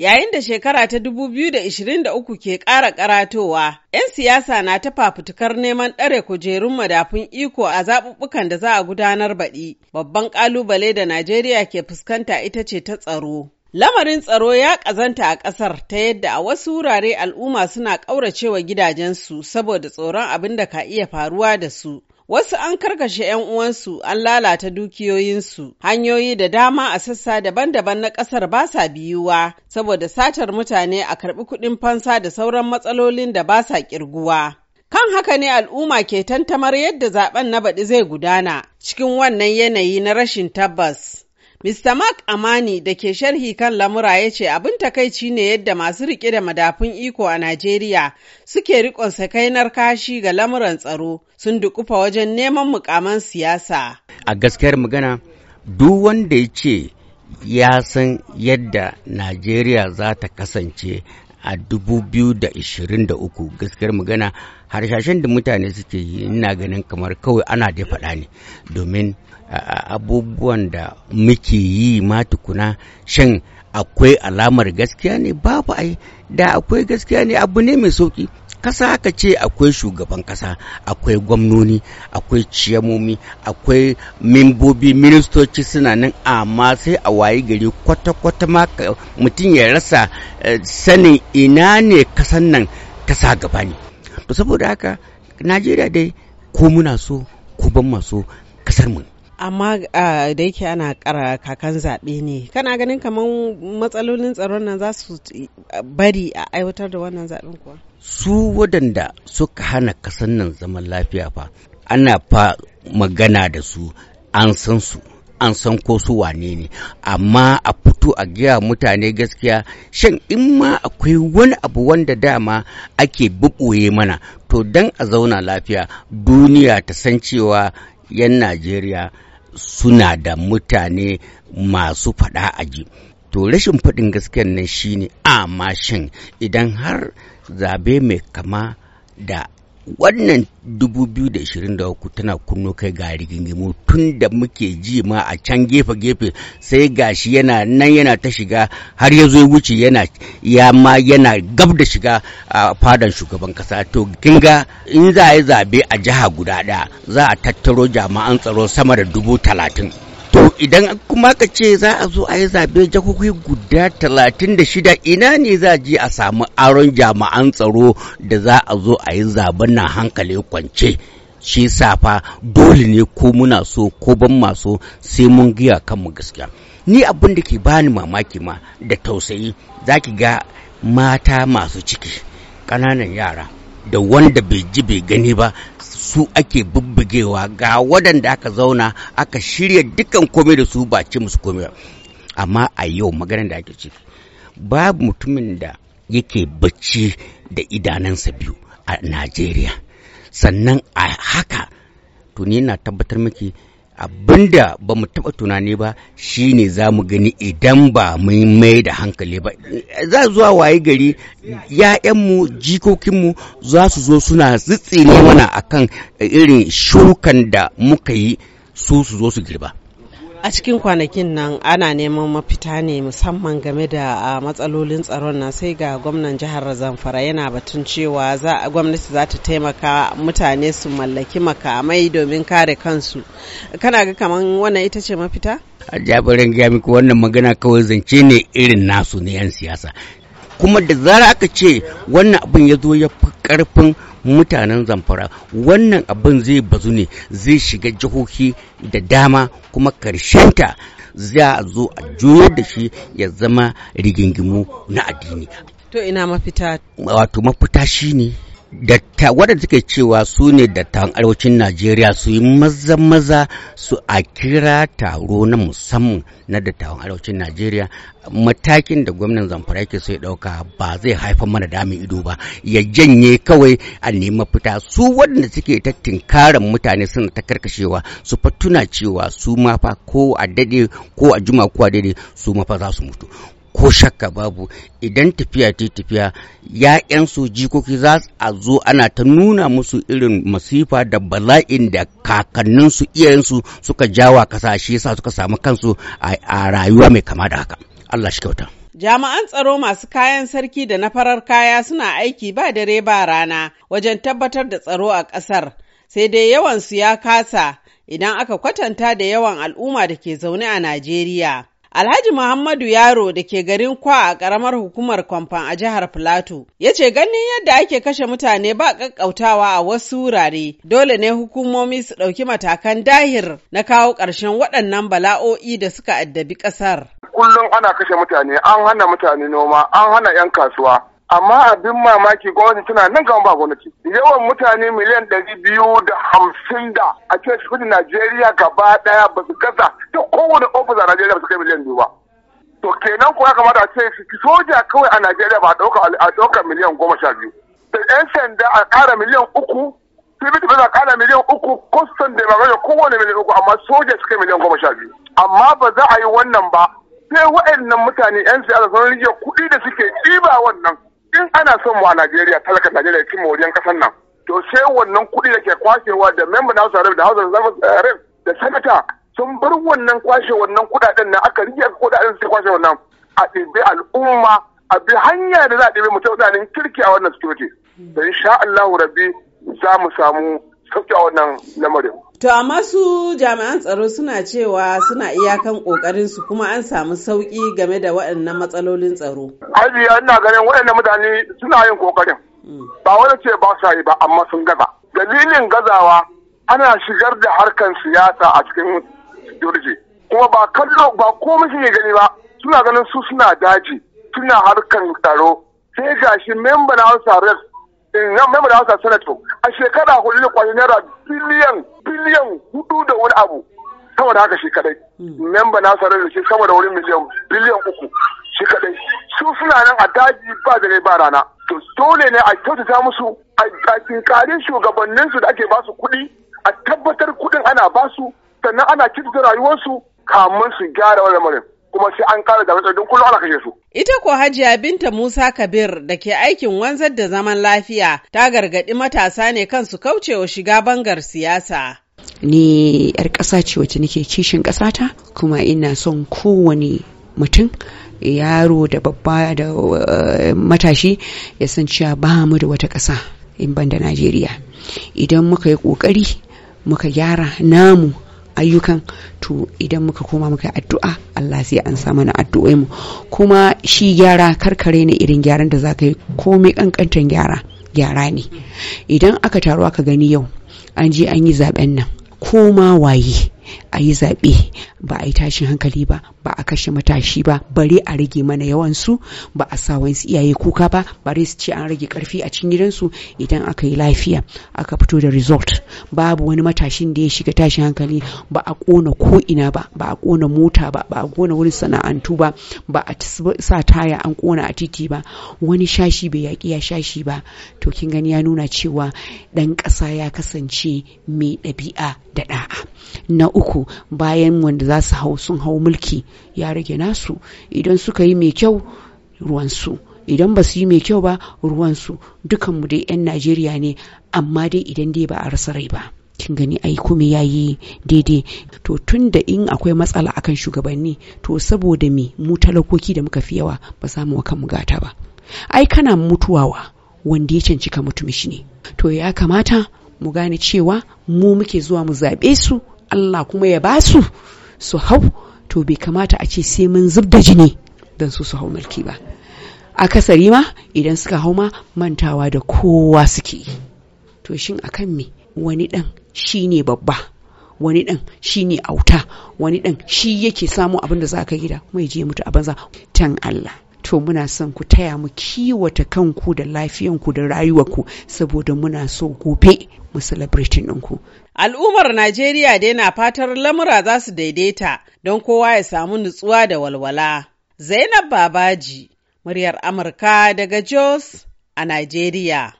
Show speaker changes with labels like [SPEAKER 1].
[SPEAKER 1] Yayin da shekara ta 2023 ke ƙara ƙaratowa, 'yan siyasa na ta fafutukar neman ɗare kujerun madafun iko a zaɓuɓɓukan da za a gudanar baɗi. Babban ƙalubale da Najeriya ke fuskanta ita ce ta tsaro. Lamarin tsaro ya ƙazanta a ƙasar ta yadda a wasu wurare al'umma suna ƙauracewa gidajensu saboda tsoron abin da ka iya faruwa da su. Wasu an karkashe 'yan uwansu an lalata dukiyoyinsu, hanyoyi da dama a sassa daban-daban na ƙasar ba sa biyuwa saboda satar mutane a karɓi kuɗin fansa da sauran matsalolin da ba sa ƙirguwa. Kan haka ne al'umma ke tantamar yadda zaben na baɗi zai gudana cikin wannan yanayi na rashin tabbas. Mr. Mark Amani da ke sharhi kan lamura ya ce abin takaici ne yadda masu rike da madafun iko a Najeriya suke rikon sakainar kashi ga lamuran tsaro sun dukufa wajen neman mukaman siyasa.
[SPEAKER 2] A gaskiyar magana, duk wanda ya ce ya san yadda Najeriya za ta kasance a 2023 gaskiyar magana harshashen da mutane suke yi ina ganin kamar kawai ana da faɗa ne domin abubuwan da muke yi ma tukuna shan akwai alamar gaskiya ne babu ai da akwai gaskiya ne abu ne mai sauki kasa aka ce akwai shugaban kasa akwai gwamnoni akwai ciyamomi akwai membobi ministoci suna nan amma sai a wayi gari kwata-kwata ma mutum ya rasa eh, sanin ina ne kasan nan kasa gaba ne to saboda haka najeriya dai ko muna so ko ban maso kasar mu
[SPEAKER 1] amma ah, da yake ana kara kakan zaɓe ne kana ganin kamar matsalolin tsaron nan za su bari a aiwatar da wannan zaɓen kuwa
[SPEAKER 2] su waɗanda suka hana kasan nan zaman lafiya fa ana fa magana da su an san su an san ko su wane ne amma a fito a gaya mutane gaskiya shan in ma akwai wani abu wanda dama ake buɓoye mana to don a zauna lafiya duniya ta san cewa 'yan najeriya suna da mutane masu faɗa ji to rashin faɗin gaskiyan nan shine a mashin idan har zabe mai kama da wannan 2023 tana kunno kai ga rigingimu tun da muke ji ma a can gefe-gefe sai gashi yana nan yana ta shiga har ya zo wuce yana ya ma yana gab da shiga a fadan shugaban kasa to kin ga in za a yi zabe a jiha guda ɗaya za a tattaro jama'an tsaro sama da dubu talatin To idan kuma ka ce za a zo a yi zaɓe jihohi guda talatin da shida ina ne za je a samu aron jami'an tsaro da za a zo a yi zaben na hankali kwance. Shi safa dole ne ko muna so ko ban maso sai mun giya kanmu gaskiya. Ni abin da ke bani mamaki ma da tausayi za ki ga mata masu ciki ƙananan yara. da wanda bai ji bai gani ba su ake bubbugewa ga wadanda aka zauna aka shirya dukkan komai da su ba ci musu komai amma a yau maganar da ake ciki babu mutumin da yake bacci da idanansa biyu a najeriya sannan a haka tuni ni na tabbatar miki Abin da ba mu taɓa tunani ba shi ne za mu gani idan ba mun mai da hankali ba za zuwa waye gari ‘ya'yanmu jikokinmu za su zo suna tsitsine mana akan irin shukan da muka yi su su zo su girba
[SPEAKER 1] a cikin kwanakin nan ana neman mafita ne musamman game da matsalolin tsaron nan sai ga gwamnan jihar zamfara yana batun cewa gwamnati za ta taimaka mutane su mallaki makamai domin kare kansu kana ga kaman wannan ita ce mafita
[SPEAKER 2] a jabarin gami wannan magana kawai zance ne irin nasu na 'yan siyasa kuma da zara aka ce wannan abin ya zo ya fi karfin mutanen zamfara wannan abin zai bazu ne zai shiga jihohi da dama kuma ta za a zo a juyo da shi ya zama rigingimu na addini
[SPEAKER 1] to ina mafita
[SPEAKER 2] wato mafita ne. datta wadda suke cewa su ne dattawan arewacin najeriya su yi maza maza su a kira taro na musamman na dattawan arewacin najeriya matakin da gwamnan zamfara yake sai dauka ɗauka ba zai haifar mana damin ido ba ya janye kawai a nema fita su waɗanda suke ta tinkarar mutane suna ta karkashewa su fa cewa su ma ko a dade ko a juma ko a dade su ma za su mutu ko shakka babu idan tafiya ta tafiya ‘ya'yansu jikoki za a zo ana ta nuna musu irin masifa da bala'in da kakanninsu iyayensu suka jawa shi yasa suka samu kansu a rayuwa mai kama da haka Allah shi kyauta
[SPEAKER 1] Jami'an tsaro masu kayan sarki da na farar kaya suna aiki ba dare ba rana wajen tabbatar da tsaro a ƙasar sai dai yawan su ya kasa idan aka kwatanta da yawan al'umma da ke zaune a Najeriya. Alhaji Muhammadu Yaro da ke garin Kwa a ƙaramar hukumar Kwamfan a jihar Filato ya ce ganin yadda ake kashe mutane ba ƙaƙƙautawa a wasu wurare dole ne hukumomi su ɗauki matakan dahir na kawo ƙarshen waɗannan bala'o'i da suka addabi ƙasar.
[SPEAKER 3] Kullum ana kashe mutane, an hana mutane noma, an hana 'yan kasuwa, amma abin mamaki gwamnati tana nan gaban ba gwamnati yawan mutane miliyan ɗari biyu da hamsin da a cikin kudin najeriya gaba ɗaya ba su gaza ta kowane ofis a najeriya ba su kai miliyan biyu ba to kenan ko ya kamata a ce soja kawai a najeriya ba a ɗaukar miliyan goma sha biyu da yan sanda a ƙara miliyan uku sibiti ba a ƙara miliyan uku kwastan da ba ga kowane miliyan uku amma soja su kai miliyan goma sha biyu amma ba za a yi wannan ba sai waɗannan mutane 'yan siyasa sun rige kuɗi da suke ɗiba wannan in ana son mu a Najeriya talaka Najeriya cin wajen kasar nan to sai wannan kuɗi da ke kwashewa da member na Hausa da Hausa da Sanata sun bar wannan kwashe wannan kuɗaɗen na aka rike kuɗaɗen su kwashe wannan a ɗebe al'umma a bi hanya da za a ɗebe mutum kirki a wannan security. Da insha Allahu Rabbi za mu samu sauke a wannan lamarin. To amma
[SPEAKER 1] su jami'an tsaro suna cewa suna iyakan kokarin su kuma an samu sauki game da waɗannan matsalolin tsaro.
[SPEAKER 3] Haji ina ganin waɗannan mutane suna yin kokarin. Hmm. Ba wani ce ba sa yi ba amma sun gaza. Dalilin gazawa ana shigar da harkan siyasa a cikin jirgi. Kuma ba kallo ba komai ne gani ba suna ganin su suna daji suna harkan tsaro. Sai gashi memba na Hausa nan eh, mai da hausa senator a shekara hudu da naira biliyan biliyan hudu da wani abu sama da haka shi kadai hmm. memba na sarar da shi da wani miliyan biliyan uku shi kadai su suna nan a daji ba da ba rana to dole ne a kyautata musu a kinkarin shugabanninsu da ake basu kuɗi a tabbatar kuɗin ana basu sannan ana kyautata rayuwarsu kamun su gyara wani lamarin kuma sai an kara da matsayin kullum ana kashe su.
[SPEAKER 1] Ita ko Hajiya Binta Musa Kabir da ke aikin wanzar da zaman lafiya ta gargaɗi matasa ne kansu kaucewa shiga bangar siyasa.
[SPEAKER 4] Ni 'yar ƙasa ce wacce nake kishin ƙasata kuma ina son kowane mutum yaro da babba da eh, matashi ya san cewa ba mu da wata ƙasa in ban da Najeriya. Idan muka yi ƙoƙari muka gyara namu ayyukan to idan muka koma muka addu'a Allah sai an sa mana addu'o'i kuma shi gyara karkare ne irin gyaran da za ka yi komai kankantan gyara gyara ne idan aka taru aka gani yau an je an yi zaben nan koma waye a yi zaɓe ba a yi tashin hankali ba ba a kashe matashi ba bare a rage mana yawansu ba a sa wasu iyaye kuka ba bari su ce an rage karfi a cikin gidansu idan aka yi lafiya aka fito da result babu wani matashin da ya shiga tashin hankali ba a kona ko ina ba ba a kona mota ba ba a kona wurin sana'antu ba ba a sa taya an kona a titi ba wani shashi bai yaƙi ya shashi ba to kin gani ya nuna cewa ɗan ƙasa ya kasance mai ɗabi'a da ɗa'a na uku bayan wanda za su hau sun hau mulki ya rage nasu idan suka yi mai kyau ruwansu idan ba su yi mai kyau ba ruwansu dukanmu dai 'yan najeriya ne amma dai idan dai ba a rasa rai ba kin gani ai kuma ya yi daidai to tun da in akwai matsala akan shugabanni to saboda me mu talakoki da muka fi yawa ba za mu kanmu gata ba ai kana mutuwawa wanda ya cancika mutumishi mutum ne to ya kamata mu gane cewa mu muke zuwa mu zaɓe su Allah kuma ya ba su su hau to bai kamata a ce sai mun zub da jini don su su hau mulki ba akasari ma idan suka hau ma mantawa da kowa suke yi to shin akan me wani dan shine babba wani dan shine ne auta wani dan shi yake samu abin da za ka gida kuma ya je mutu a banza tan Allah to muna son ku taya mu kiwata kanku da lafiyanku da rayuwarku saboda muna so gobe mu celebrating ɗinku.
[SPEAKER 1] Al'ummar Najeriya dai na fatar lamura za su daidaita don kowa ya samu nutsuwa da walwala. Zainab Babaji, muryar Amurka daga Jos a Najeriya.